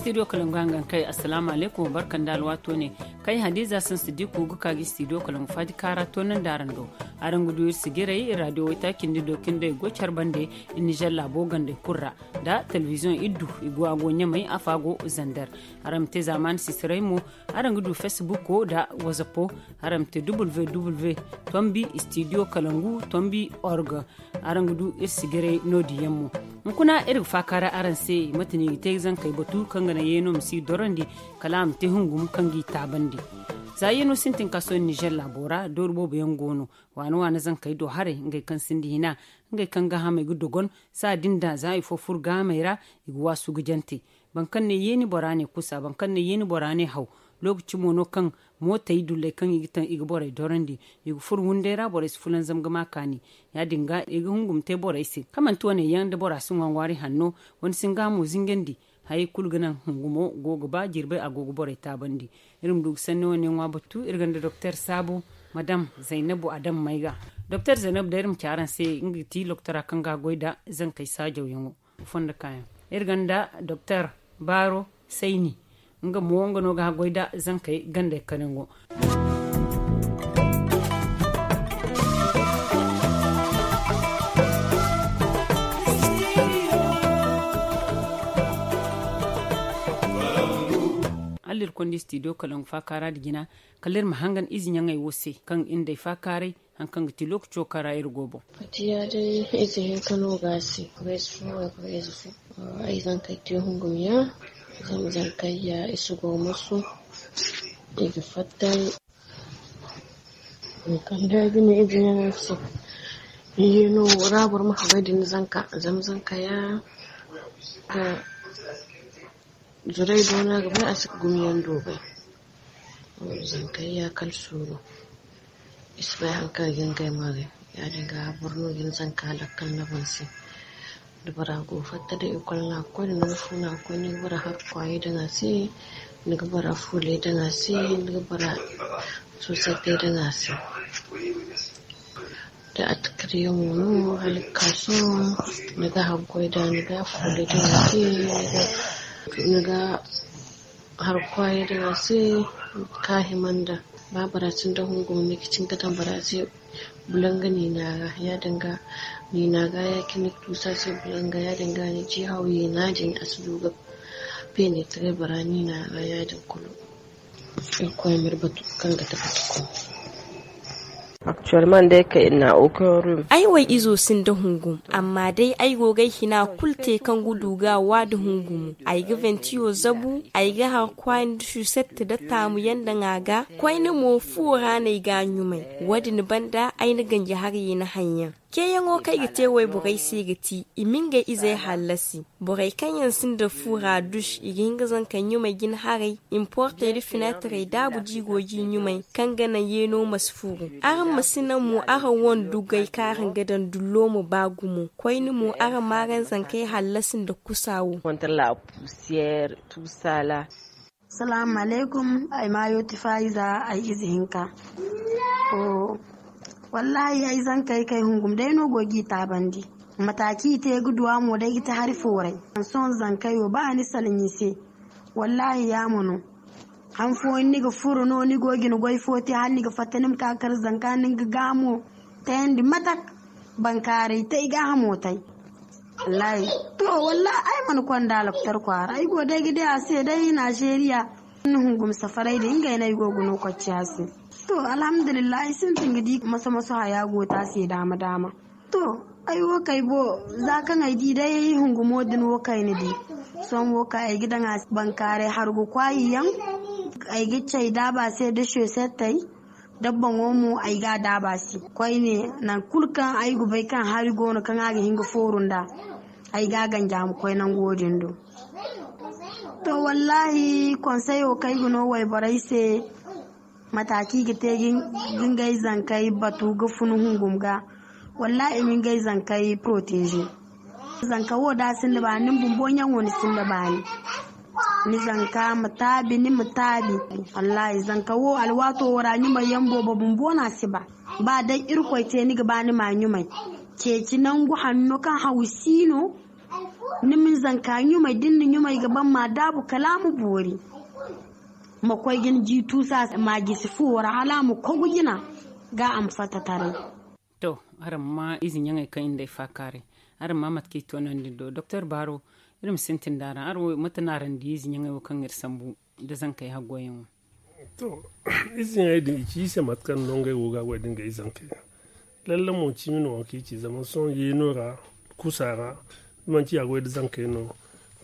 studio kalangangan kai assalamu alaikum barkan da alwato ne kai hadiza sun sidiku guka gi studio kalang fadi kara tonan rando aran gudu yi radio wata kindi dokin da gochar bande nijar labo gande kurra da television iddu igu agonye mai afago zandar aram te zaman sisirai mu aran gudu facebook ko da wazapo aram te www tombi studio kalangu tombi org aran gudu irsigirei nodiyan mu kuna irin fakara aran sai matani te zan kai batu kan ngana yenum si dorandi kalam te hungum kangi tabandi zayinu sintin kaso niger labora dorbo bayan gono wano wana zan kai do hare ngai kan sindi hina ngai kan ga hama gu dogon sa dinda za ifo furga maira igu wasu gujanti ban kan ne yeni borane kusa ban kan ne yeni borane hau lokaci mono kan mota yi dulle kan igitan iga borai dorandi igu fur wunde ra borai fulan zamga makani ya dinga iga hungum te borai si kaman tuwane yan da bora sun wanwari hanno wani sin mu zingendi hay kulganan hungumo gogo ba jirbe a gogo bore bandi irin duk sanne wani wa batu irganda dr sabu madam zainabu adam maiga dr zainabu da irin kyaran sai inga ti loktora kan ga goida zan kai sajau yango fonda kayan irganda dr baro saini inga mu no ga goida zan kai ganda kanango. kalir kondi studio kalan fa kara digina kalir mahangan izin yangai wose Kang inda fa kare hankan gati lokacin kara ir er gobo fatiya dai izin kano gasi kwesu kwesu ai uh, zan kai ti hungumiya zan zan kai ya isu go musu iga fatai kan da gini izin yangai su yi no rabur mahabadin zanka zam zanka ya zurai dona gaba a suka gumiyan dobai zankai ya kal suru isbai hankal gingai mare ya daga borno yin zanka lakkal na bansi da bara gofatta da ikon na kwani na na kwani bara har kwaye da na si da bara fule da na si da bara sosai da na si da a tukariya mono halin kaso daga hankali da ga fule da na si daga nga har kwaye da wase kahimanda ba baratin da hungo ne kicin gatan sai bulanga ne na ya danga ne na ga ya kini tusa sai bulanga ya danga ne ji hauye na jin asudu ga pene tare barani na ga ya dan kulu in kwamir batu kan ga ta fata Sharman dai ka ina okoro. Ai wai izo sin da hungu, amma dai ai gogai hina kulte kan gudu ga wa da hungumu. Ai ga ventiyo zabu, ai ga har kwain shu sette da tamu yanda ga, kwain mo fuwa ne ga nyumai. Wadin banda ai na ganje har yi na hanya. ke yango kai gite wai bugai si giti imin ga izai halasi bugai kan yansin da fura dush igin gazan kan yi mai gin harai importe da finatare da buji yi mai kan gana yeno masfuru arin masin sinan mu aka won dugai karin gadan dullo mu bagu mu koi ni mu aka maran zankai halasin da kusawo kwantar la pusiyar tusala salamu alaikum ai mayo tifaiza ai o wallahi ai zan kai kai hungum dai no gogi ta bandi mataki te guduwa mu dai ta harfo rai son zan kai ba ni salin yise wallahi ya munu an fo niga furu no gogi ni gwai foti har niga fatanim ka kakar zanka ga gamo tayandi matak bankare ta iga hamotai wallahi to walla ai man kwan da laftar kwara ai gode gida a sai dai Najeriya nuhun hungum safarai da inga yana gogi no kwacce hasi to alhamdulillah sun tingidi masa masu haya gota sai dama dama to ai wo bo za kan ai di dai hungumo din wo ne di son wakai kai ai gidan bankare har gu kwayi yan ai gicce da ba sai da she sai dabban womo ai ga da ba si kwai ne na kulkan ai gu bai kan hari gono kan aga hinga forun da ai ga ganja mu kwai nan godin do to wallahi konsayo kai no wai barai sai mataki gite gingai zankai batu gufunu hungumga wallahi min gai zankai protege zanka woda da ba nin bumbon yan wani sin ba ni ni zanka mutabi ni mutabi wallahi zanka wo alwato wara ni mai yambo ba na si ba ba dan te ni gaba ni ma mai keki nan gu hannu kan hausino ni min zanka nyu mai dinni nyu mai gaban ma dabu kalamu bori makwai gin jitu sa magi sifu wara hala mu kogugina ga amfata tare to haram ma izin yangai kan inda ya fakare haram ma matke to nan do dr baro irin sintin dara aro matanaran da izin yangai kan ir sambu da zan kai hagoyen to izin yangai din ki se matkan non gai woga wa din gai zan kai lallan mu ci mino wanki ci zaman son yi nora kusara man ci agwai da zan kai no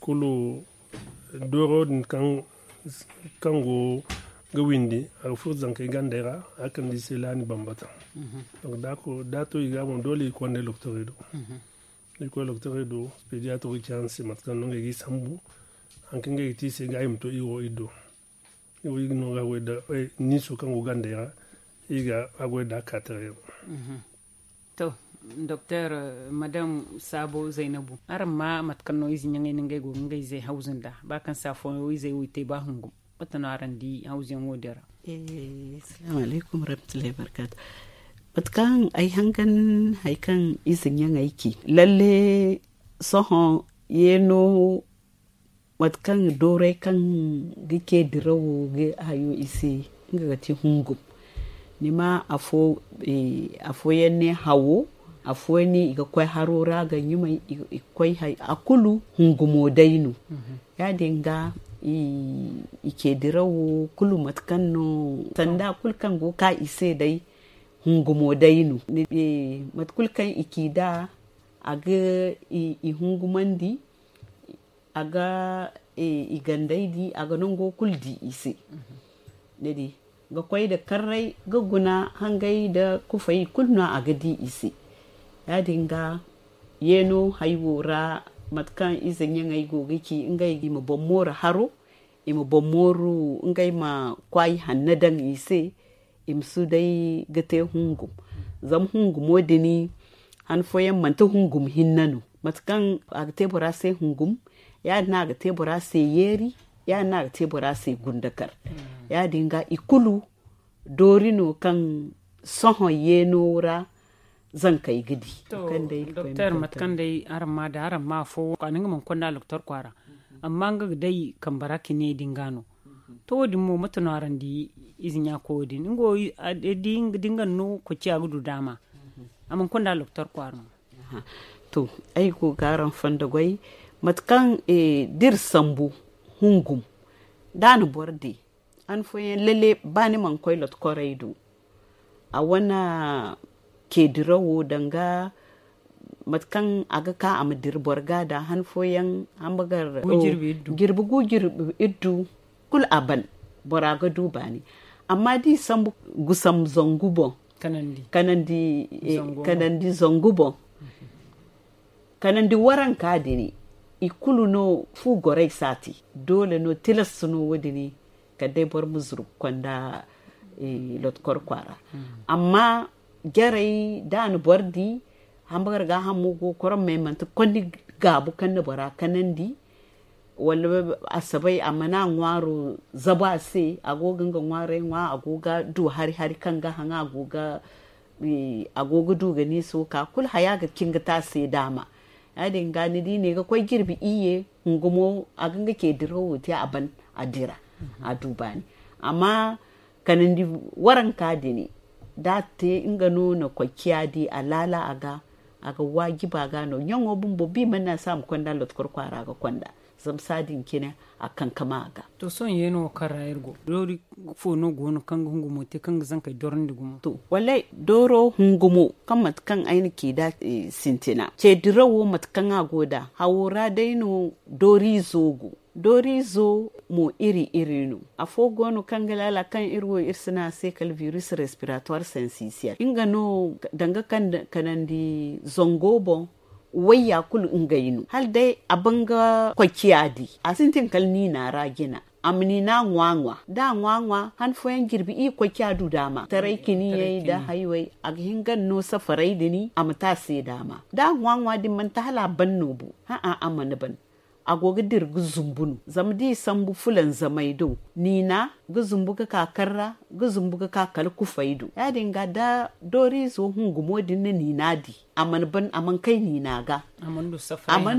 kulu doro din kan kango ga windi a fu zanke gandera akan di selani bambata mhm. donc dako dato iga mo dole ko ne docteur do mhm. ni ko docteur do pediatre ki chance matka no g'i sambu anke ga ti se i imto iwo ido iwo igno ga weda eh, ni so kan gandera iga agweda katere mhm. to docteur madame sabo zainabu aran ma matkan no izi nyangai ngai go ngai zai hausin da bakan wite ba hungum batanaran di hausen wodera assalamu alaikum rahmatullahi barakatuh batkan ai hangan haikan izin yan aiki lalle sohon yeno watkan dore kan gike dirawo ga ayo isi ga ti hungu nima afo e, eh, afo yenne hawo afo ni iga kwai harora ga nyuma ikwai akulu hungumo dainu mhm. ya dinga i dirawo kulu matkan no sanda kulkan go ka ise dai hungumo dai no be matkulkan ikida aga i, hungumandi aga e, di aga non go kuldi ise ne di ga kwai da karrai ga guna hangai da kufai kunna aga di ise ya dinga yeno haiwora matkan izin yin aigo giki in ga yi mabon mora haro ima bomoru nga ima kwai hannadan ise imsu dai gate hungum zam hungum odini han foyan manta hungum hinnanu matukan a tebura sai hungum ya na ga tebura sai yeri ya na ga tebura sai gundakar ya dinga ikulu dorino kan soho yeno wura zan kai gidi to doktor matkan dai aramma da aramma ma fo kanin mun kunna doktor kwara amma ga dai kambara ne dingano to din mo mata naran di izinya ko din ngo dingan no ko ci agudu dama amma kun da loktor kwaro to ai ko garan fanda gwai matkan e dir sambu hungum dan borde an foyen lele bani man koilot koraidu a wana kedirawo danga matkan aga ka a madir borga da hanfoyin hamburger oh, girbi gu girbi iddu kul aban boraga ne amma di san gusam zongubo kanandi kanandi eh, kanandi zongubo kanandi waran kadini ikulu no fu gorai sati dole no tilas no wadini ka dai bar mu kwanda e, eh, lotkor kwara hmm. amma gyarai dan bordi hambagar ga hamu go koran mai mantu kwanni gabu kan na bara kanan di wala asabai mana nwaro zaba se agogin ga ngware ngwa agoga du hari hari kan ga hanga e, agoga agoga du ga ni so ka kul haya ga kinga ta se dama yadin gani di ne ga kwai girbi iye ngumo aganga ke dira wuti aban adira a duba ne amma kanin di waran ka ne da ta inga nuna kwakiya di alala aga aga wagi gano yan bumbo bi mana sam kwanda lot kwara ga kwanda zam sadin kine a kan kama ga to son yeno kara ergo dori fo no gono kan hungumo te kan zan kai doron digumo to wallahi doro hungumo kan mat kan aini ke da e, sintina ce dirawo mat kan agoda hawora daino dori zogo dori zo mo iri iri a fogonu gonu kangalala kan irwo irsina kal virus respiratoire sensicial inga no danga kan kanandi zongobo wayya kulu ingayinu hal dai abanga kwakiyadi kal kalni na ragina amini na ngwangwa da ngwangwa han yan girbi i kwakiya du dama tarai kini yayi da haiwai a hingan no safarai dini amta sai dama da ngwangwa din man ta hala ban bu. ha a amana ban agogi dir gizumbun zumbunu zam di sambu fulan zamaido nina gizumbu ka kakarra gizumbu ka kakal kufaidu ya dinga da dori zo hungumo din na nina di aman ban aman kai nina ga aman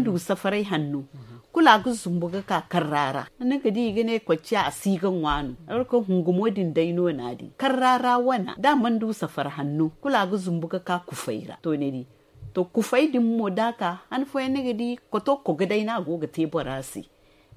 du safarai hannu mhm. kula gizumbu ka kakarrara na ga di gane kwacce a sigan wanu arko hungumo din no na di karrara wana da man du safar hannu kula gizumbu ka ka kufaira to ne di to ku faidin mu daka an foye ne gidi ko to ko gidai na go ga tebura si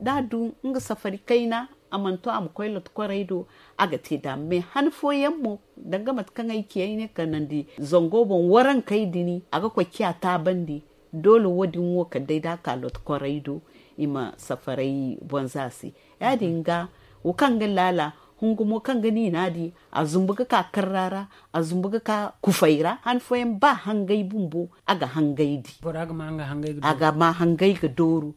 da du nga safari kaina amanto am koy lot ko do aga te da me han foyen mu daga mat kan aiki yayi ne di zongo bon waran kai dini aga ko kiya ta bandi dole wadin wo ka dai da ka lot ko do ima safarai bonzasi ya dinga wukan ga lala hungumo kan gani di a zumbuga ka karrara a zumbuga ka kufaira han foyen ba hangai bumbu aga hangai di aga ma hangai ma hangai ga doru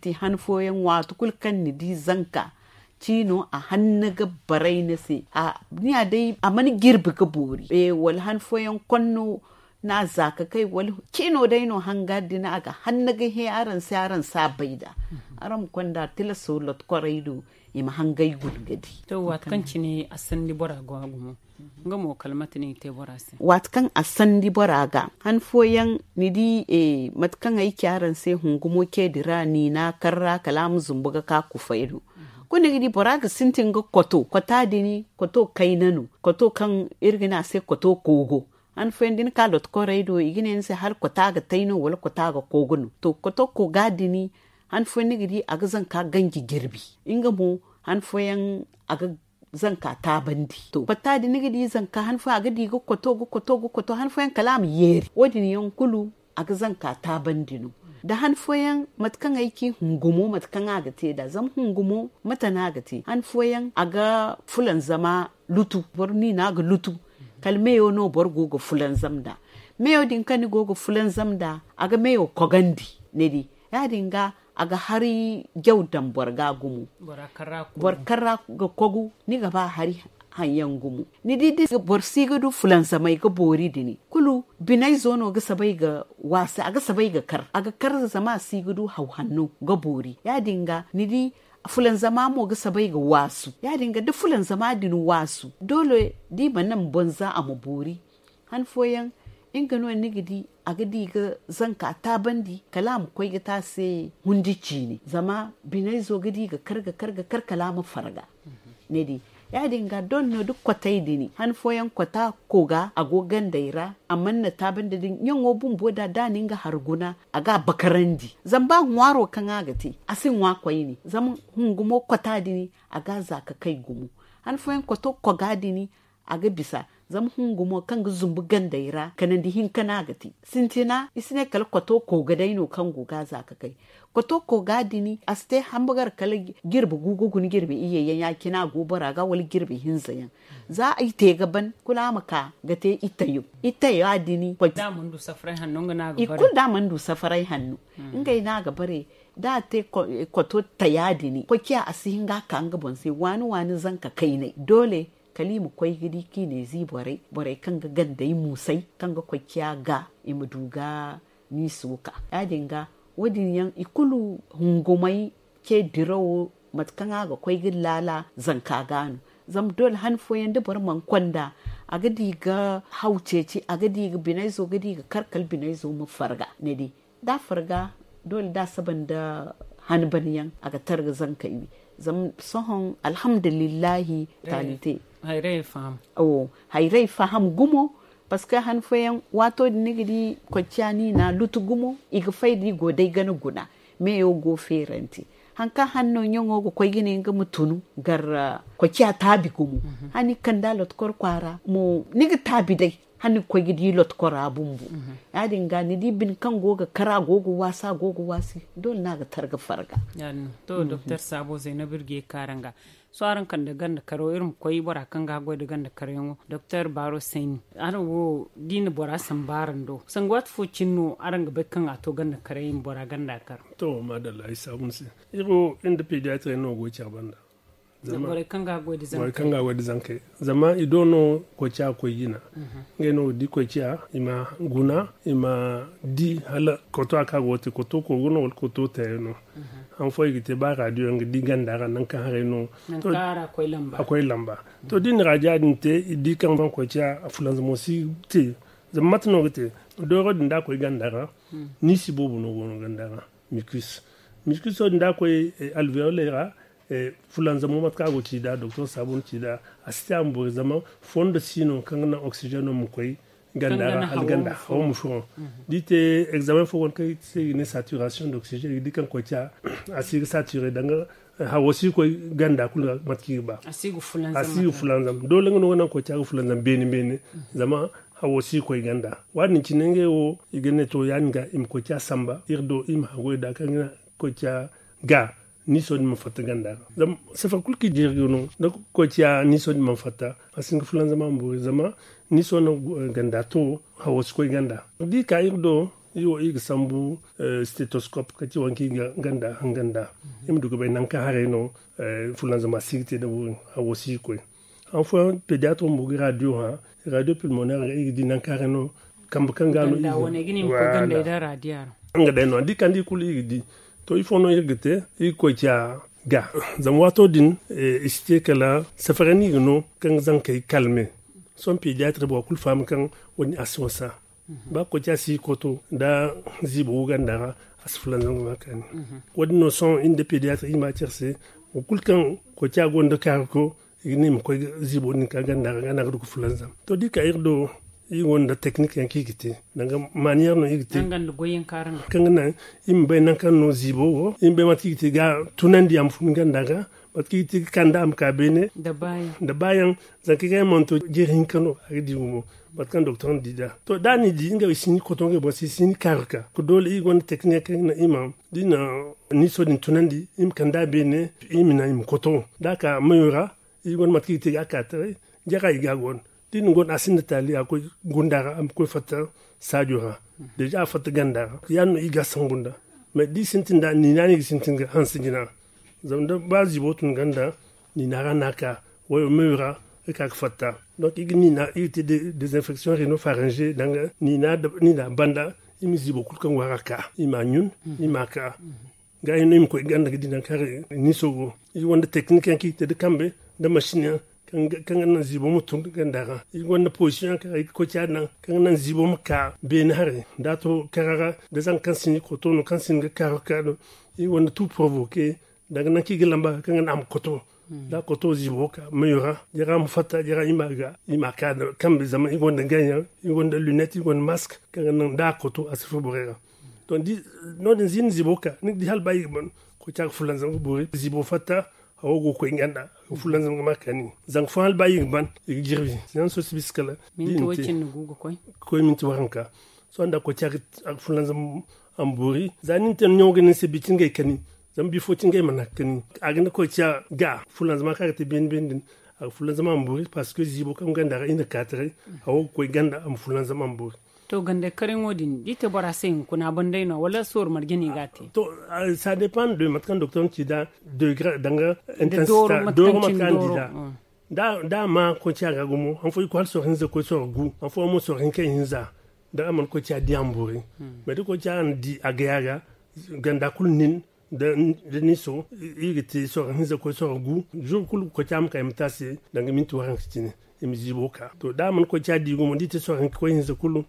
ti han foyen wato kul kan ni di zanka cino a hannu ga barai na se a ni a dai a mani girbi ga bori eh wal han foyen konno na zaka kai wal cino dai no hanga dina aga hannu ga he aran sai aran sa baida mhm. aram kwanda tila kwaraido ima hangai gudgadi. to watkan ne a sandi bora ga gumo nga mo kalmat ne te bora se watkan a sandi bora ga han foyan di e matkan ai kyaran sai hungumo ke dira ni na karra kalam zumbuga ka kufairu mhm. ne gidi ga sintin ga kwato kwata dini koto kainanu Koto kan irgina sai koto kogo an fendin ka lot ko raido igine sai har kwata ga taino wala kwata ga kogunu to koto ko gadini. hanfoyin nigiri a ga zan ka gangi girbi in ga mu hanfoyin a ga zan ka ta bandi to batta di nigiri zan ka han a aga di go koto go koto go koto han fo yan kalam yeri wodin yan kulu aga zan ka ta bandi no da hanfoyin matakan matkan aiki hungumo matkan agate da zan hungumo matan agate hanfoyin a ga fulan zama lutu borni na ga lutu yau no bar goga fulan zamda meyo dinka kani goga fulan zamda ga meyo kogandi ne di ya dinga A ga hari dan borga gumu barkar ga kogu ni gaba hari hanyar gumu ni didi ga borsi ga du fulansa ga bori dini kulu binai zono ga sabai ga wasa ga sabai ga kar A ga kar zama si ga du hauhannu ga bori ya dinga ni di fulan zama mo ga sabai ga wasu ya dinga duk fulan zama dinu wasu dole di nan banza a mabori han foyan in gano nigidi agadi ga zanka ta bandi kalam kwai ga ta se hundici ne zama binai zo gadi ga karga karga kar kalamu farga mhm. ne di ya dinga don na duk kwatai dini han foyan kwata koga da daira amma na ta da din yan obun boda da ga harguna a ga bakarandi zamba nwaro kan agati asin kwai ne zam hungumo kwata dini a zaka kai gumu han foyan kwato koga dini ga bisa zam hungumo kan ga zumbu ganda ira kanan di hin kana gati sintina isine kal kwato ko gadaino kan guga za ka kai kwato ko gadini aste hambagar kal girbi gugu gun girbi iye yan ya kina gobara ga wal girbi hin zayan za a yi te gaban kula maka ga te itayu itayo adini da mun du safarai hannu na gabare ikun da mun du safarai hannu hmm. in na ga bare da te kwato tayadini ko kiya asihin ga kan ga bonse wani wani zanka kai ne dole kalimu kwai gidi ki ne zi bore bore ga ganda yi musai kanga kwai kiya ga duga ni suka dinga wadin yan ikulu hungumai ke dirawo matkanga ga kwai lala zanka gano zam dole hanfo foyan man kwanda a gadi ga hauceci a gadi ga binai zo gadi ga karkal binai zo mu farga ne di da farga dole da saban da han a ga targa zanka yi. sohon alhamdulillahi eh, talite Hairai faham Oh, hairai faham gumo parce que wato nigidi ni na lutu gumo iga faydi godai gana guna me yo go feranti. hanka hannun nyongo go koy gine nga mutunu gar uh, kwanciya tabi gumo mhm. hani kandalot kor kwara mu niga tabi dai hani ko gidi lot ko rabun bu mhm. adin nga ni bin kan goga kara gogo wasa gogo wasi don na ga targa farga to doktor mhm. sabo na birge karanga aran kan da ganda karo irin koyi bora kan ga goy da ganda karo yin doktor baro sain ana wo dini bora san barin do san gwat fo cinno aran ga bekkan ato ganda karo yin bora ganda kar to madalla ai sabun si iro inda pediatra no go banda wari kan zama i do no koca koyina nge no di kocia ima guna ima di hala koto aka woti koto koguno wal koto tayeno mhm. an fo igite ba radio ngi di gandara nan kan hare no lamba to di ni mhm. raja din te i di kan van kocia mo si te zama matino te doro din da koy gandara mhm. ni sibobu no gono gandara mikus mikus o din da koy eh, alveolera Eh, fulan zama matkago ci da doctor sabun chida asita asitam bo zama fondo sino kangana oxygen mu koy gandara al ganda hawo mu shon mhm. dite examen fo won kay c'est une saturation d'oxygène dit kan ko tia asir saturé danga eh, hawo si koy ganda kul matki ba asigu fulan zama asigu fulan do dole no ngana ko tia fulan zama beni beni mhm. zama hawo si koy ganda wani chinenge wo igene to yanga im ko tia samba irdo im hawo da kangana ko tia ga ni soni man fata ganda zam safa kulki jirgi no da ko tiya ni soni man fata asin fulan zama mbo zama ni soni eh, ganda to hawos ko ganda di ka do yo ig sambu uh, eh, stethoscope kati wanki ganda ganda im dugo be nan ka hare no eh, fulan zama sigte da bu hawosi ko an fo pediatre mbo radio ha radio pulmonaire ig di nan ka hare no kambu kangalo ig da wona gini mpo ganda da radio anga da no di kandi kuli ig di to il faut i ko ga zam wato din e, isite kala safarani no kan zan kai kalme son pediatre bo kul fam kan wani aswasa ba ko ca si koto da zibo uganda asfulan zan ma kan wani no son inde pediatre i ma tierse kul kan ko ca gondo kar ko ni mo ko zibo ni kan ganda ngana ko fulan to di ka irdo i wonda technique yan kigiti nanga manière no igiti nanga goyen karanga kanga na imbe nanka no zibo wo imbe mat kigiti ga tunandi am funga ndaga mat kigiti kanda am kabene da bayan da bayan zanki ga monto jerin kano agdi wumo mat kan docteur dida to dani di inga sini kotonge bo si sini karka ko dole i wonda technique na imam dina ni so din tunandi im kanda bene imina im koton daka mayura i wonda mat kigiti ga katare jaga igagon din ngon asin tali akoy gunda koy fata sadio ha deja fata ganda ya no iga san gunda mai di sintinda ni nani sintin sintinga han sinjina zan da ba jibotun ganda ni na rana wo meura e ka fata donc igi ni na ite de désinfection rhino pharyngée danga ni na ni na banda imi zibo wara ka ima nyun ima ka ga ino im ganda iganda dinan kare ni sogo i wanda technique k'i te de kambe da machine kanga nan zibo mu tun ganda kan wanda position ka ko ta nan kan nan zibo mu ka be na hare da to karara da zan kan sin ko to no kan sin ga ka ka do i wanda tu provoke daga nan ki gilamba kan am koto da koto zibo ka mayura jira mu fata jira ima ga ima ka kan be zaman i wanda ganya i wanda lunette i wanda masque kanga nan da koto asifu borera don di no din zin zibo ka ni di hal bayi ko ta fulan zan bore zibo fata awo go ko inganda fulan ma makani zan fa alba yin ban girbi zan so su biskala min wacin go ko ko min to hanka so anda ko tiag fulan zama amburi zanin tan ne se bitin ga kani zan bi fotin ga manakani agna ko tia ga fulan zama ka te bin bin fulan zama amburi parce que zibo kan ganda ina katare awo ko ganda am fulan zama amburi to gande karin wadin dite bara sayin kuna ban daina wala sor margini gati ah, to ah, ça dépend de matkan doktor docteur da de danga intensita do matkan dida da ah. da da ma ko ci aga gumu an foi ko so hinza ko so gu an fo mo so hinke hinza da amon ko ci adi amburi hmm. me ko ci an di aga aga ganda kul nin da ni so iri ti so hinza ko so gu jour kul ko ci am kayam tasi danga min to waran kitine emi jiboka to da man ko ci adi gumu di ti so hinke ko hinza kullu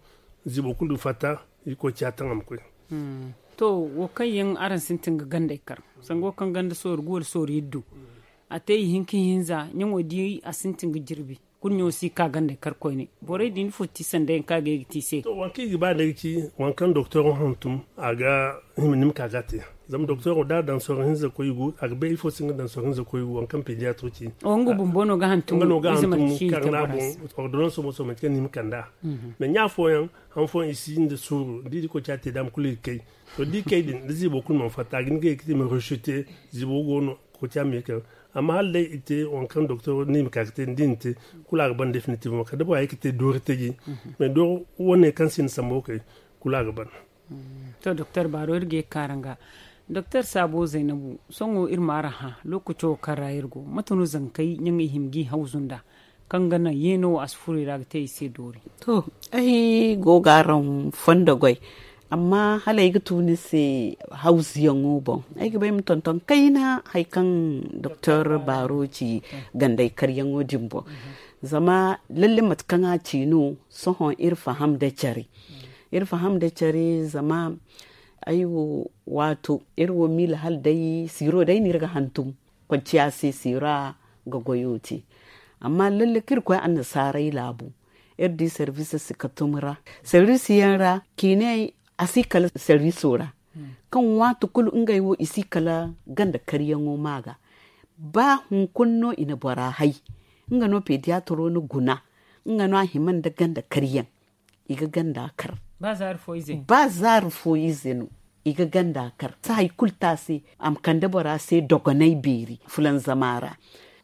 zibokundu fata iko chatan amkwe amkwai hmm. to kan yin aran sintin ga ganda ikar sango kan ganda so ruguwar so riddu a te yi hinkin hinza nyan wadi a sintin ga jirbi kun yo si ka ganda ikar ne bore din fo ti ka ga ti se to k'i ba da ki wankan docteur hantum aga himnim ka zama docteur o da dan so hin za koygu ak be il faut singa dan so hin za koygu an kan pediatre ci on go bombono ga hantu ngano ga hantum karna bon ordonnance mo so metken nim kanda mhm. mais nya fo yan han fo ici de sur di ko chate dam kulir kay to di kay din di zibo kun mon fata gin ge k'i me rejeter zibo go no ko tia me ke amma halle ite on kan docteur nim ka kite dinte kula ga ban definitivement ka dabo ay kite dorite gi mhm. mais do woni kan sin sambo kay kula ga ban to docteur baro ge karanga dr sabo zainabu songo irmara ha lokaco karayirgo matanu zankai yang himgi hauzunda kangana yeno asfuri ragte ise dori to ai gogaran fonda amma hala yi ni se hausi yango bon ai ga bayim tonton kaina haikan dr baroci gandai karyan odin bo zama lalle matkan ha cino sohon irfaham da cari mm. irfaham da cari zama aiwo wato irwo mil hal dai siro dai ni riga hantum kwanciya sai sira ga goyoti amma lalle kirkwai an sarai labu rd services ka tumura service yanra kine asikala service ora kan wato kulu inga yiwo isikala ganda karyan maga ba hunkunno ina bara hai ga no pediatro no guna ga no himan da ganda karyan iga ganda kar bazar fo bazar iga ganda kar sa hay kulta se am kanda bara se dogonai beri fulan zamara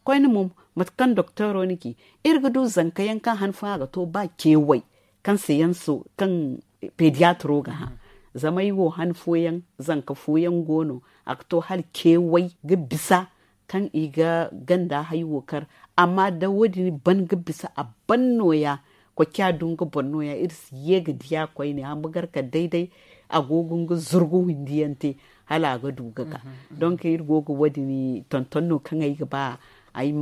koyni mum matkan doktor niki irgudu zanka yankan hanfa ga to ba kewai kan su kan pediatro ga ha zama yi han foyan zanka foyan gono a to har kewai ga bisa kan iga ganda kar. amma da wadi ban ga bisa a bannoya noya ko kya dunga bonno ya irs yega diya koy ne hambugar ka daidai agogun ga zurgu hindiyante hala ga duga ka mm-hmm. don ka ir gogo wadi ni tontonno kan ai ba ai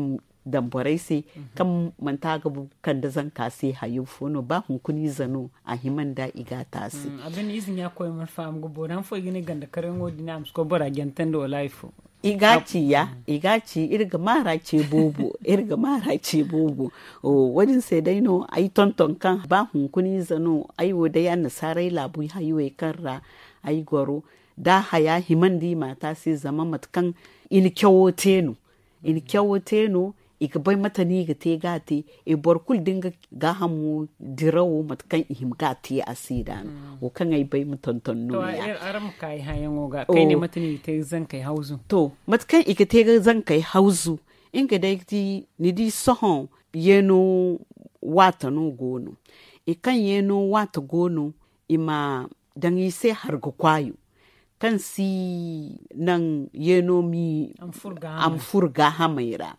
damborai sai mm-hmm. kan manta ga kan da zan k'a sai hayu fono ba kuni zano a himan da igata ta mm, abin izin ya koyi marfa am go boran fo gine ganda karen wodi na am sko bora gentan do life igaci ya igaci irga mara ce bobo irga mara ce bobo o sai dai no ai tonton kan ba hunkuni zano ai wo dai an labu hayo kan ra ai goro da haya himan di mata sai zama matkan in kyawo tenu mm. in ika bai ni ga te gati e bor kul dinga ga hamu dirawo matkan ihim gati a sidan mm. o kan ai bai ton no ya to aram kai hayan o ga kai ne oh. mata ni te zan kai hauzu to matkan iga te ga zan kai hauzu ga dai ti ni di sohon yeno wata no gono e kan yeno wata gono ima e dan yi sai har ga kwayo kan si nan yeno mi am furga hamaira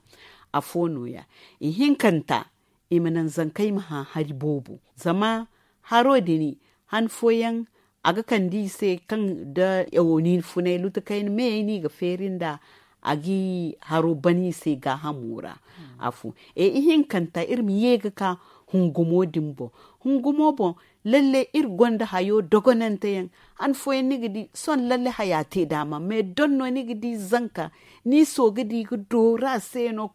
a fonoya i hinkanta iminan zankai maha hari bobo zama haro ni hanfoyan a aga kan dise kan da yawoni funai lutukai me ni ga ferin da gi haro bani sai ga hamura hmm. afu e ihin kanta irmi yega ka hungumodin bo hungumo bo lalle ir gonda hayo ta yan an foye nigidi son lalle hayati dama me donno nigidi zanka ni so gidi dora seno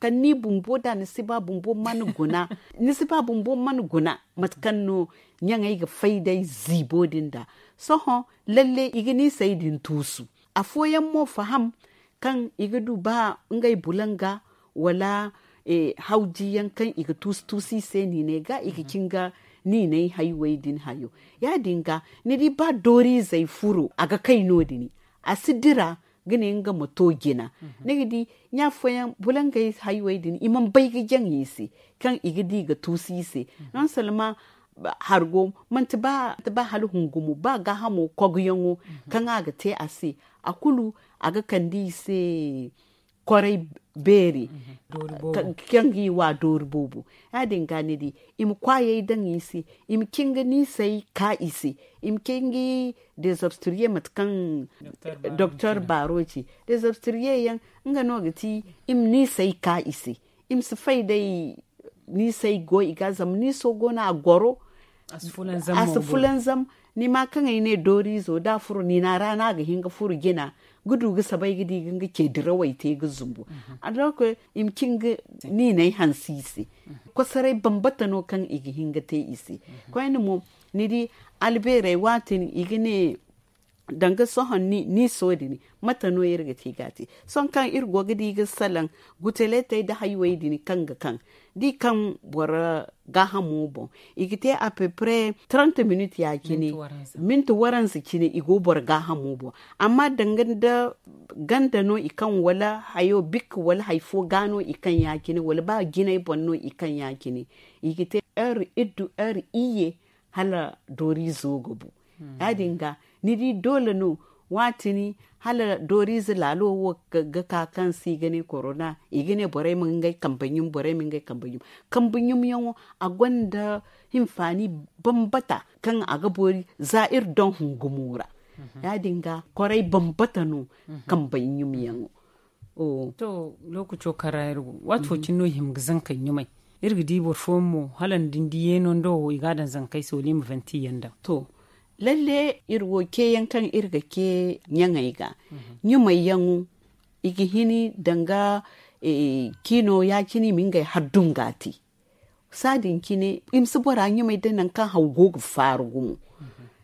kan ni bumbo da ni siba bumbo man guna ni siba bumbo man guna matkanno nyanga faida zibo dinda da ho lalle igini saidin tusu a foyan mo faham kan igidu ba ngai bulanga wala e eh, hauji yankan iga tusi sai ni ne ga iga mm-hmm. kinga ni ne wai din hayo ya dinga ni di ba dori zai furo aga kai no dini sidira gane nga mato gina mm-hmm. nega di ya foya bulanga wai din iman bai ga jan si kan iga di ga tusi se mm-hmm. nan salama hargo man ta ba Hali hungumu ba ga hamo kogyango kan aga te a kulu aga kandi sai. kwarai beri mhm. kyangi wa dor bobo adin gani di im kwaye dan isi im kinga nisai sai ka isi im kingi des obstrie matkan docteur eh, baroci des obstrie yan nga nogati im nisai sai ka isi im su fai dai ni sai go iga zam niso gona a goro asufulan zam ni ma kan ne dori zo da furu ni na rana ga hinga furu gina gudu ga sabai gidi ganga ke dirawai ta ga zumbu a dauka imkin ga ni na yi hansi isi kwasarai bambata no kan igihin ga ta isi kwa mu ni di alberai watin ne. danga sohon ni ni mata no yirga tigati son kan irgo gidi ga salan gutele tay da highway dini kan ga kan di kan bora ga hamu bon igite a peu près 30 minutes ya kini waran su kini igo bor ga hamu bon amma dangan da ganda no ikan wala hayo bik wala haifo gano ikan ya kini wala ba gina bonno ikan ya kini igite er iddu er iye hala dori zo gobu hmm. adinga mm -hmm. ni di dole no watini hala dorizi lalo wo ga kakan si gane corona igine bore mun ngai kambanyum bore mun ngai kambanyum kambanyum yawo a gwanda himfani bambata kan aga bori za'ir don hungumura mhm. ya dinga korai bambata nu mhm. kambanyum yawo o to lokaco karayar wato mhm. kinno gizan kan yumai irgidi bor fomo halan dindiyeno ndo igadan zankai solim venti yanda to lalle irwoke yankan irgake yangaiga nyuma yangu igi hini danga e, kino ya kini mingai gati sadin kine imsi mai nyuma nan kan haugo faru gumu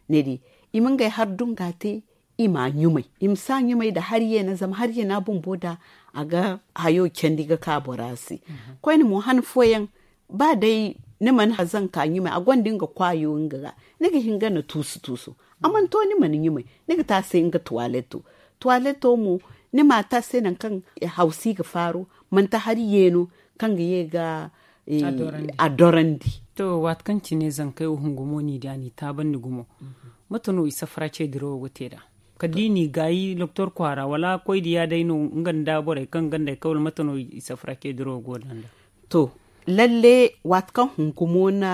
nedi imingai gati ima sa imsa mai da har na zam har yana bumbo boda aga hayo kendi ga kaborasi mm kwani mu hanfoyan ba dai ni man hazan ka nyima a gwanda nga kwayo nga ni ga hinga na tusu tusu aman to ni man nyima ni ga ta sai nga tuwaleto tuwaleto mu ni ma ta sai nan kan hausi ga faro man ta har yeno kan ga ye ga eh, adorandi to wat kan ci ne zan kai gumo ni da ni ta ban ni gumo matano isa farace diro gote da kadini gayi doktor kwara wala koi diya dai no ngan da bore kan ganda kawul matano isa frake diro godan da to lalle watkan hunkumo na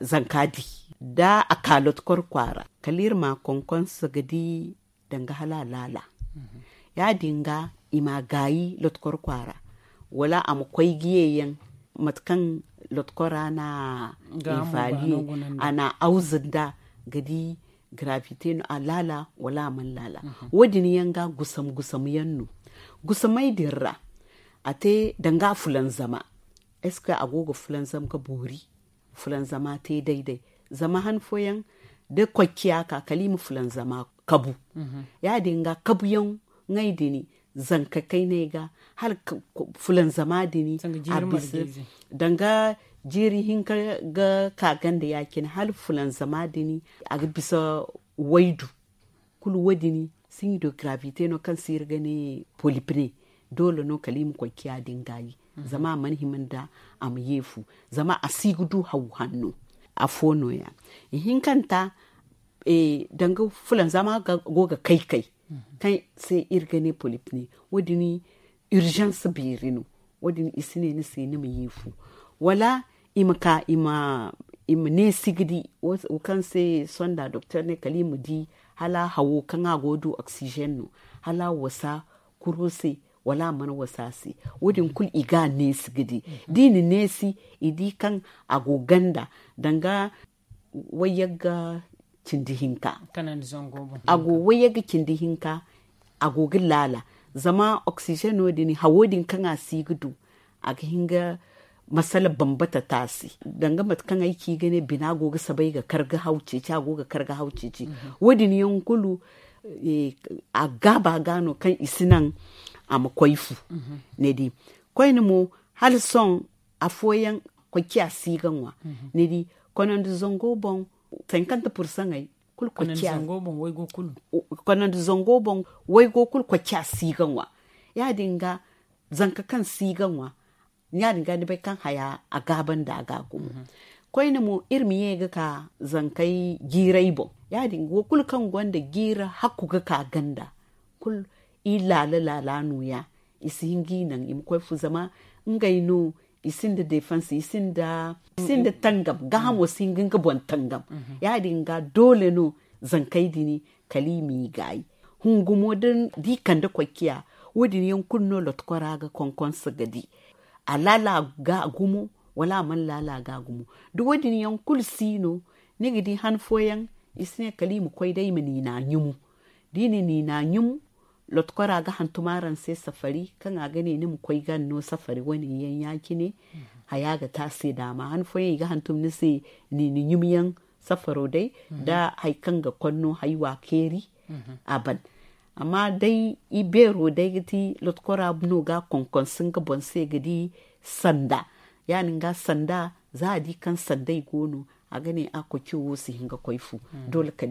zankadi da a kalot kwara kalir makonkon sagadi danga halalala ya dinga ima gayi lotkor kwara wala am kwai giyeyen matkan lotkora na infali ana auzin da gadi grafite no a lala wala man lala mhm. Wadini yanga gusam gusam yannu gusamai dirra ate danga fulan zama eska agogo fulan zam ka bori fulan zama te daidai zama han foyan da kwakiya ka kalimu fulan zama kabu mm -hmm. ya dinga kabu yan ngai dini zanka kai ne ga har fulan zama dini a bisa danga jiri hinka ga kagan da yakin har fulan zama dini a bisa waidu kulu wadini sun yi da gravite no kan sirga ne Polipine dole no kalimu kwakiya dinga yi zama manhimin da a yefu zama a sigudu hau hannu a fonoya ihin kanta e, danga fulan zama goga kai kai kan sai irgane polip ne wadini urgence birinu wadini isine ni sai ni yefu wala imaka ima ima ne sigidi kan sai sonda doktor ne kalimu di hala hawo kan agodo oxygen no hala wasa kurose wala mana wasasi wudin kul iga nesi gidi dini nesi idi kan agoganda danga wayaga cindihinka ago wayaga cindihinka agogin lala zama oxygen odini hawodin kan a aga hinga masala bambata tasi danga mat kan aiki gane bina goga sabai ga karga hauce ci goga karga hauce ci mhm. wadin yankulu eh, a gaba gano kan isinan ama koifu mm -hmm. kwai ni mu hal son mhm. a foyan ko kia sigan wa mm -hmm. nedi konon du zongo bon 50% ai kul ko kia zongo bon wai go kul konon zongo bon wai go kul ko kia sigan wa ya dinga zanka kan sigan wa ya dinga ni bai kan haya a gaban da ga kuma mm -hmm. koyni mu irmi ye ga ka zankai girai bo ya dinga kul kan gwanda gira hakku ga ka ganda kul i lala nu ya isi hingi nan zama isin da defense isin da isin da tangam ga hamo mm-hmm. singin ka tangam mm-hmm. ya dinga dole no zankai dini kalimi gai hungumo din di kanda kwakiya wodin yankun no lotkwara ga konkon sagadi alala ga gumo wala man lala ga gumo duk wadin yankul sino nigidi hanfoyan foyan isne kalimu kwai dai mani nyumu dini ni nyumu lotkwara ga maran sai safari kan a gane ni mu gan safari wani yan yaki ne haya ga ta sai dama han fure ga hantu ni sai ni ni safaro dai da haikan ga kwanno haiwa keri aban amma dai ibero dai giti lotkwara no ga konkon sun ga sai gidi sanda yanin ga sanda za a di kan sandai gono agane kiwo su hinga ka nema dole ga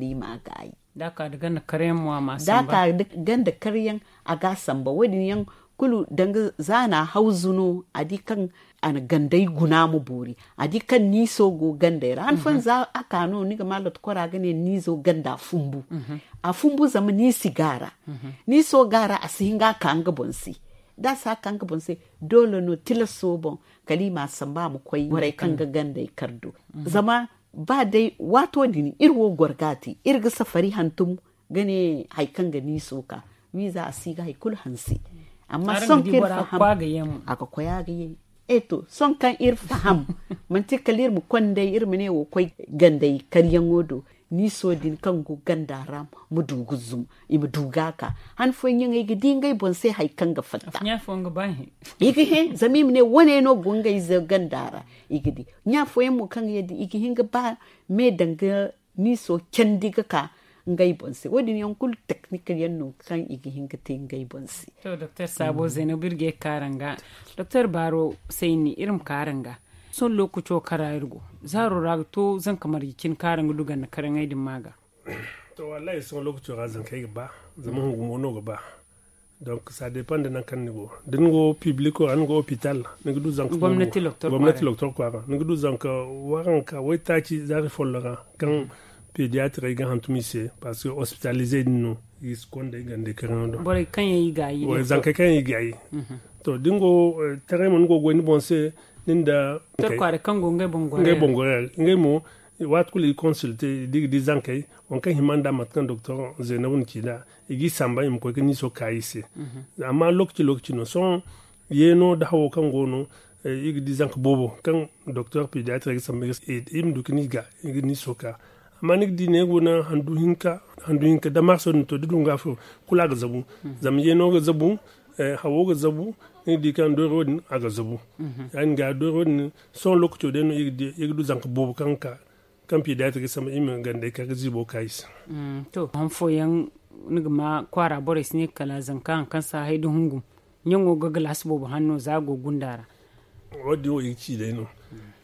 yi daka da ganda karyan wa masu daka da ganda karyan a gasan ba wani yan kulu danga zana hauzuno di kan an gandai guna mu bori di kan niso go ganda ra an fan mhm. za aka kano ni ga malat kora gane nizo ganda fumbu mhm. a fumbu zama ni sigara mhm. niso gara a singa ka kan ga bonsi da sa kan ka bonse dole no tila sobon kalima san ba mu koyi mm. warai kan ga mm. ganda kardo mm-hmm. zama ba dai wato din irwo gorgati irga safari hantum gane kan ga ni soka mi za a siga kul hansi amma son kir faham aka koya ga yi eto eh son kan ir faham man tikalir mu dai ir mu ne wo koi gandai karyan wodo ni sodin ka gu gandaram mu dugu i mu duga ka han fo nyanga igi dinga i bonse hay kan ga nya fo nga bahi igi he zami ne wone no gunga ize gandara igi di nya fo mo kan yedi ya igi hinga ba me danga ni so kendiga ka ngai bonse wodi yon kul technical yan no kan igi hinga te ngai bonse to sabo mm. zeno karanga Dokter baro sai ni karanga son lokaco karayirgo zaro raga to zan kamar yikin karin lugan na karin aidin maga to wallahi son lokaco ga zan kai ba zaman hungumo no gaba donc ça dépend de nan kan nigo din go public ko an go hospital ni gudu zan gwamnati docteur gwamnati docteur ko ni gudu ka waran ka wai za zari follara kan pédiatre ga hantumi se parce que hospitalisé no is konda ga de kan do bore kan yi gayi wai ka kan yi gayi mhm. to go eh, tare mun go go ni bon se ninda ter kware kango ngai bongorel nge bongorel nge mo wat kuli consulté dig di zankai wanka himanda matkan docteur zenawun kida igi samba im ko kini so kaisi mhm. amma lokci lokci no son yeno da hawo kango no eh, igi di zank bobo kan docteur pediatre igi samba eh, im dukini ga igi ni soka amma nik di ne gona handu hinka handu hinka da maso to dudunga fo kula ga zabu mhm. zam yeno ga zabu eh, hawo ga zabu di kan doro din aga zubu yani mhm. ga doro din son lokacin yi no iri du zanka bobu kanka kan pediatric sama imin ganda ka zibo kais mm, to han foyan nigma kwara boris ne kala zanka kan sa haidu hungu nyango ga glass bobu hanno zago gundara wadi o ichi da ino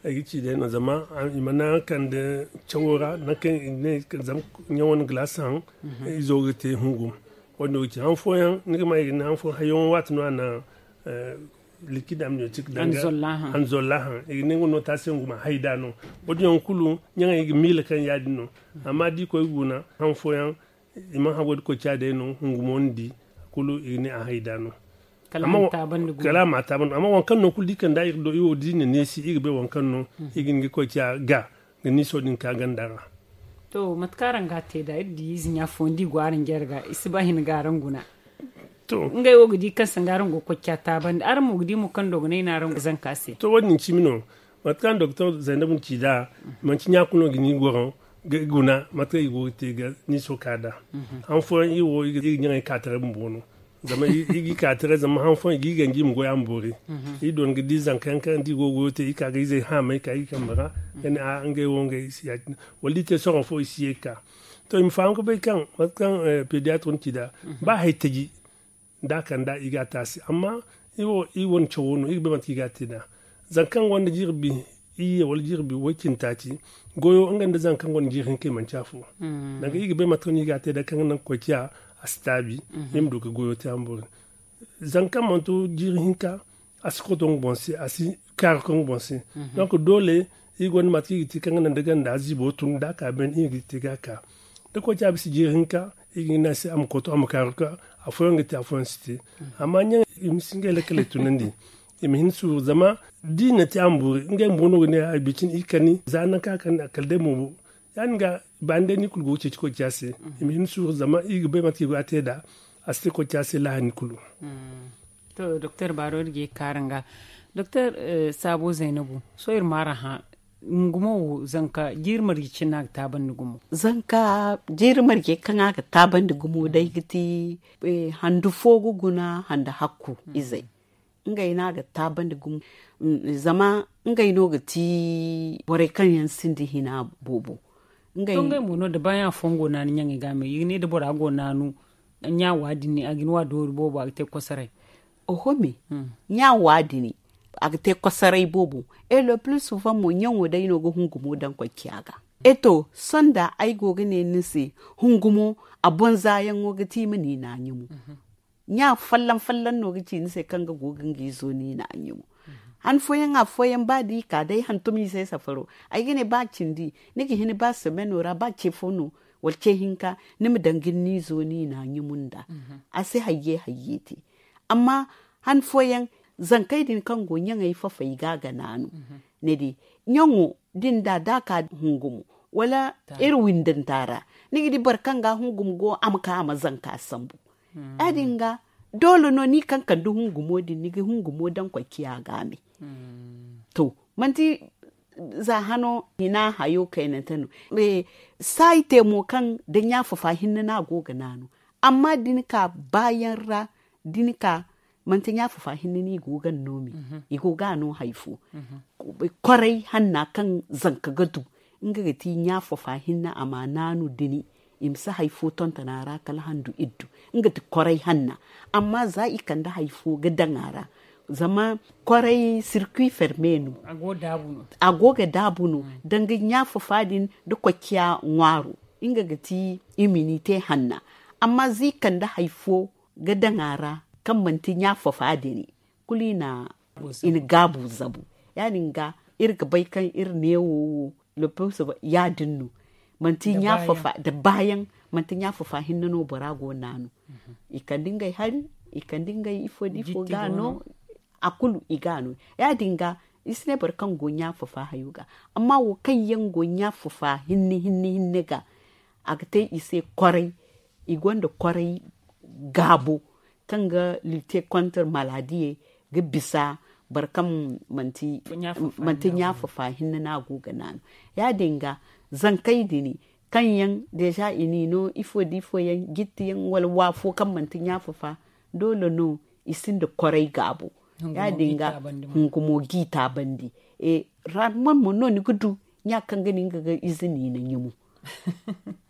yi da ino zama imana kan da chawora na kan ne zam nyawon glass han mhm. izo te hungu wadi o ichi han foyan nigma iri han foyan hayon wat no na Eh, likida amino tik danga han e nengo no tasen guma hayda no kulu nyanga igi mil kan yadi no amma di ko yuna han foyan iman ha wodi ko chade no ngumondi kulu ini a hayda no kalama taban dugu kalama taban amma wankan no kulu dikan da igi do iwo dine ne si igi be wankan no igi ngi ko cha ga ni so din ka ganda to matkaranga te da iddi zinya fondi gwarin gerga isibahin garanguna guna to ngai wogdi kan sangaran go kokya ta bande ar mo gdi mo kan dogne na ran zan kase to wani ci chimino matkan docteur zainabu da man chinya kuno gini goran guna matra igo ga ni kada mhm. an fo yi igi nyanga katare mbono zama igi katare zama han fo igi gangi mgo ya mbore mhm. i don gidi zan kan kan di go gote i ga ize ha mai ka kai kan mara mhm. en a ange wonge si ya wali te so fo si ka to im an ko be kan matkan eh, pediatre on tida ba hay teji dakanda iga taasi amma iwo iwon chowono igbe mat iga tida zankan wanda jirbi iye wal jirbi wakin tati goyo an ganda zankan wanda jirin ke man chafu daga hmm. igbe mat ni iga tida kan nan kwakiya astabi yim mhm. duka goyo tambur zankan man to jirin ka asiko don bonse asi kar kon bonse donc dole igon mat igiti kan nan daga da zibo tun da ka ben igiti ga ka da kwakiya bisi jirin ka igina sai am koto am kar ka afuran gati afuran siti amma nyen imsin ga lekele tunandi imhin su zama di na ti amburi nge mbono ne a bicin ikani zanan ka kan kalde mu yan ga bande ni kulgo wuce ko kyase imhin su zama igi be mati da a asti ko kyase la ni kulu hmm. to baro baror ge karanga dr eh, sabo zainabu soyar mara ha ngumo zanka jirmar gi cina ta ban gumo zanka jirmar gi kan ka ta ban gumo dai giti eh, handu fogu guna handa hakku izai ngai na ga ta ban gumo mm, zama ngai no ga ti wore kan yan sindi hina bobo ngai ngai mo no da baya fongo na ni nyangi game ne da bora go nu nya wadi ni agin wa do bobo te kosare ohomi hmm. nya wadi ni a te i bobo e lo plus souvent mo nyɛŋo da yino go hungumo dan kwakiyaga kiaga eto sonda ai gogi ne nisi hungumo a bonza yango ga timi ni na nyumu. Mm-hmm. nya fallan fallan no ga ci nisi kanga gogin gi zo ni na nyumu. Mm-hmm. An foyen a foyen ba di ka dai han tumi sai safaro ai gine ba cindi niki hini ba semenora ba cefono walce hinka mu dangin ni zo ni na nyumunda. Mm-hmm. a sai haye haye ti amma han foyen kai din kango nyangai fa ga gaga nanu ne di nyango din da da ka hungumu wala irwin din tara ni di barkan ga hungumu go amka ama ka sambu hmm. adinga dole no ni kan kan hungumu din ni hungumu dan kwakiya me. Hmm. to manti za hano hina hayo kai na tanu e sai te mo kan da ya fafa hinna na goga nanu amma din ka bayan ra din ka mantin ya fufa hinni gogan nomi mhm. igoga no haifu mhm. kwarai hanna kan zanka gadu ga gati ya fufa hinna ama nanu dini imsa haifo tonta na ra kala handu iddu in ga kwarai hanna amma za i kan da haifo ga dangara zama kwarai circuit ferme no agoga dabunu no mm. dangin ya fufadin da kwakiya in ga gati immunity hanna amma zikan da haifo ga dangara kan manti ya fafa dini kuli na in gabu zabu ya ga ir bai kan ir ne wo lopinsu ya dinnu manti ya fafa da bayan manti ya fafa hinno barago nanu mhm. ikan dinga hari ikan dinga ifo difo gano akulu igano ya dinga isne bar kan gonya fafa hayuga amma wo kan yan gonya fafa hinni hinni hinni ga agate ise kwarai igwanda kwarai gabo kan ga lite kwantar maladiye ga bisa barkan mantin ya fafa hinna na goga nanu ya dinga zan kai dini kan yan deja ini no ifo difo yan gitti yan walwa fo kan mantin ya fafa dole no isin da kwarai gabo ya dinga hunkumo gita bandi e ramon mu no ni gudu ya kan gani ga izini na mu.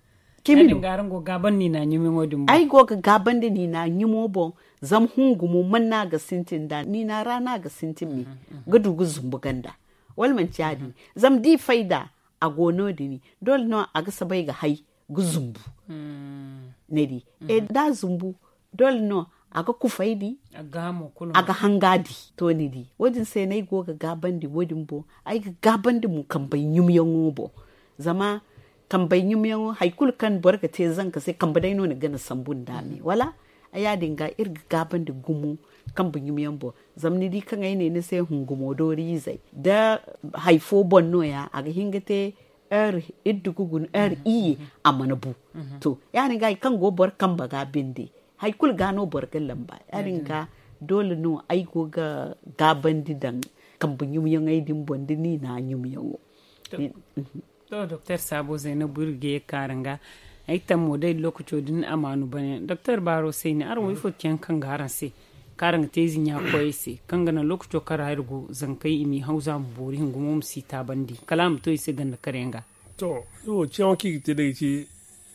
kimilu garin go gaban ni na nyimi wodin ai go gaban da ni na nyimo bo zam hungumu manna ga sintin da ni na rana ga sintin mi mm-hmm, mm-hmm. gudu gu zumbu ganda walman chadi mm-hmm. zam di faida a gono dini dole no a ga sabai ga hai gu zumbu mm. ne di e da zumbu dole no aga kufai di aga hangadi to ni di wajin sai na go ga gaban de wajin bo ai ga gaban de mu kan ban yum yango bo zama kan bai yi miyan haikul kan borga te ka sai kan bai nuna gana sambun dami mm. wala a yadin ga irga gaban da gumu kan bai yi miyan bo zamani di kan ne na sai hungumo do rizai da haifo bonno ya a ga hinga te er iddugugun er iye a manabu to ya ga kan go bor kan baga binde haikul gano borgan lamba ya ga dole no aiko ga gaban didan kan bai yi miyan aidin bondi ni na miyan to dr sabo zainab burge karanga ai tammo dai lokaci din amanu bane dr baro sai ne arwo ifo ken kan garan sai karan tezin ya koyi sai kan gana lokaci kar hargo zankai imi hausa mu bori hungumo mu ta bandi kalam to ise ganda karenga to yo cion ki te eh, dai ci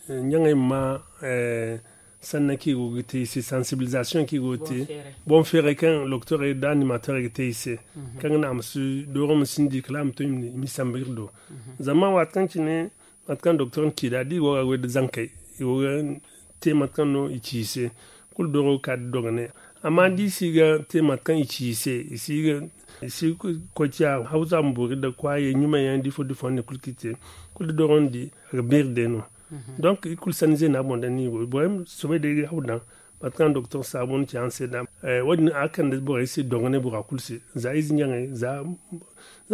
nyangai ma eh, sanna kigo gite isi sensibilisation kigo te bon fere kan loktore da animateur gite isi kan na amsu doro musindi klam to imni mi sambirdo zama watkan kine matkan doktor kidadi wo ga wed zankai wo te matkan no ichise kul doro ka dogne amma di siga te matkan ichise isiga isi ko tia hausa mburi da kwaye nyuma yan difo difo ne kulkite kul doron di birde no donc i kul sani zena bon dani bo boem sobe de hawdan patkan docteur sabon ci anse da wadin akan de bo isi dongane bo si za izin yangai za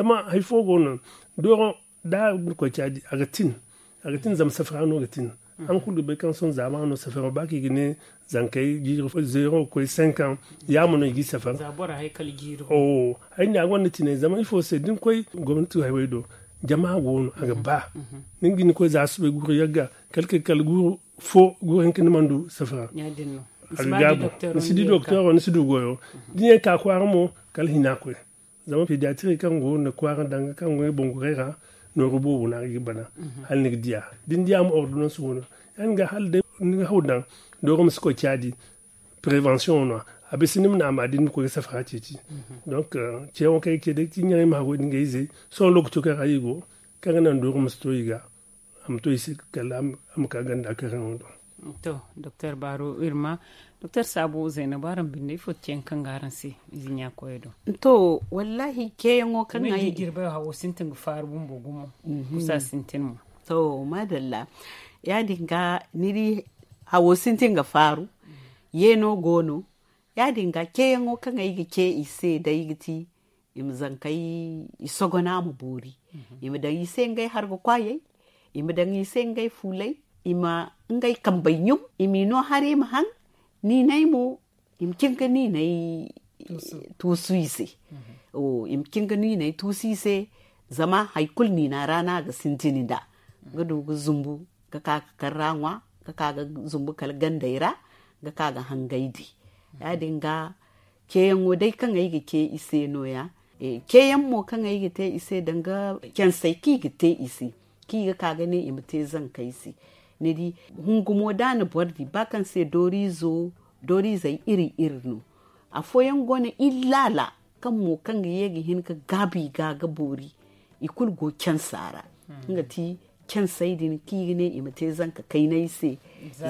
ma hay fogo non doro da ko caji agatin agatin zam no agatin an kulu be kan son ma no safar ba ki gine zankai jiro 0 ko 5 ans ya no gi safar zabora hay kal giro oh hay na gwamnati ne zama ifo sai din koy gwamnati hay waido jama gono aga ba ningi ni ko za su be guru yaga kalke kal guru fo guru hen kin mandu safa aga gabo nisidi docteur on nisidi goyo dinye ka ko mm-hmm. armo kal hina ko zama pediatri kan go ne ko aran danga kan go bon rera, no rubo wona yi bana mm-hmm. hal ni dia din dia am ordonnance wona en ga hal de ni hawdan do rom sko tiadi prévention na abisinim na amadin ko yasa fati ti donc ti on kay ke de ti nyare ma ko dinga ize so lok to ka ayigo ka ga nan do ko musto yiga am to isi kalam am ka ganda ka ran do to docteur baro irma docteur sabo zainab aran binne fo tien kan garan si izinya ko edo to wallahi ke yango kan na yi girba ha wo sintin faru bumbo gumo mhm. kusa sintin mu to madalla ya dinga niri ha wo sintin ga faru yeno gono dinga ke yango kanga yi ke ise da igiti im zankai na mu bori mhm. im dan ise ngai har go kwaye im dan ise ngai fulai ima ngai kambayum imi no hare han ni nai mo im kinga ni nai tusu ise mhm. o im kinga ni nai tusu ise zama haikul ni na rana ga sintini da mhm. ga dogo zumbu ga kaka karanwa ga ga zumbu kal gandaira ga ga hangaidi ya dinga keyango dai kan ai ga ke ise noya ya e mo kan yi ga te ise danga kyan sai ki ga te ise ki ga ka gane imte zan kai si ne di hungumo da na bordi bakan sai dori zo dori zai iri iri no a foyan gona illala kan mo kan ga yegi hin ka gabi ga ga bori ikul go kyan sara inga hmm. ti kyan sai din ki ne imte zan ka kai na ise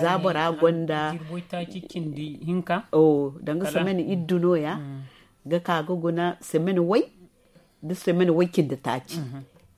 zabora gonda jirgoita cikin di hinka oh danga semeni idduno ya mm. ga kaga guna semeni wai da semeni wai kin da taci ci.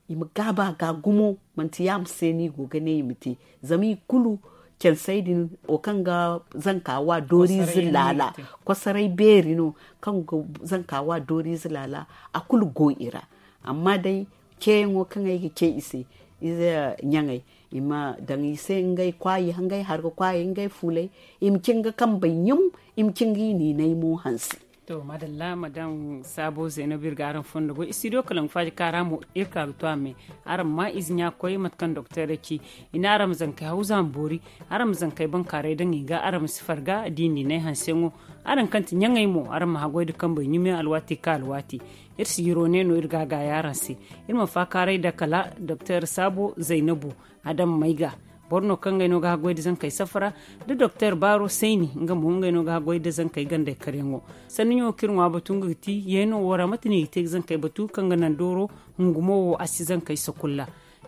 -hmm. gaba ga gumo manti yam seni go gane imiti zami kulu ken saidin o kan ga zankawa dori zilala kwasarai beri no kan ga zankawa dori zilala a kulu go ira amma dai ke yin wakan aiki ke isi izai nyangai ima dang ise ngai kwayi hangai har ko kwai ngai fulai im kinga kan banyum im kingi ni nai mu hansi to madalla madam sabo zainab birgaran fondo go studio kalan faji karamu irka to me aram ma iznya koy matkan doctor ki ina aram zan kai hauzan bori aram zan kai ban kare dan ga aram sifarga dini nai hansengo aran kanti nyangai mo aram ha goy dukan banyum alwati ka alwati ir ne neno ya gaga yaransi ir karai da kala dr sabo zainabu adam maiga borno kan no ga da zan kai safara da dr baro saini nga mu nga no ga da zan kai gande karengo sanin yo kirwa batun gati yeno wara matini te zan kai batu kanga nan doro ngumo asi zan kai irsi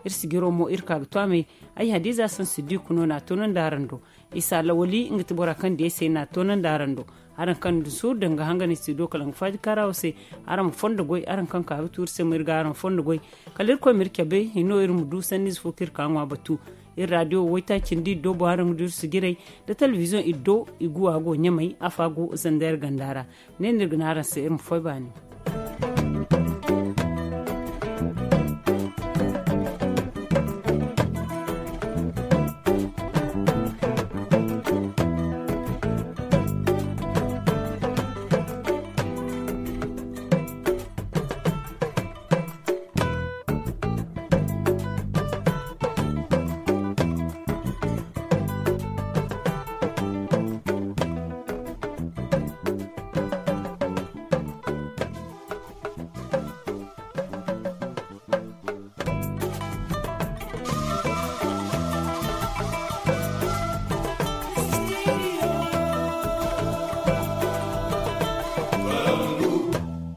irsigiro mo irka gutwame ai hadiza san sidiku no na tonan darando isa lawali ngati bora kan de sai na tonan darando aran kan su danga hangani studio kalan faji karawse aran fondo goi aran kan ka tur se mirga aran fondo goi kalir ko mirke be hino irum du sanis fokir kanwa batu in radio waita kindi do buharin dur su girai da television ido iguwa go nyamai afago zandar gandara ne nirgnaran se irin foibani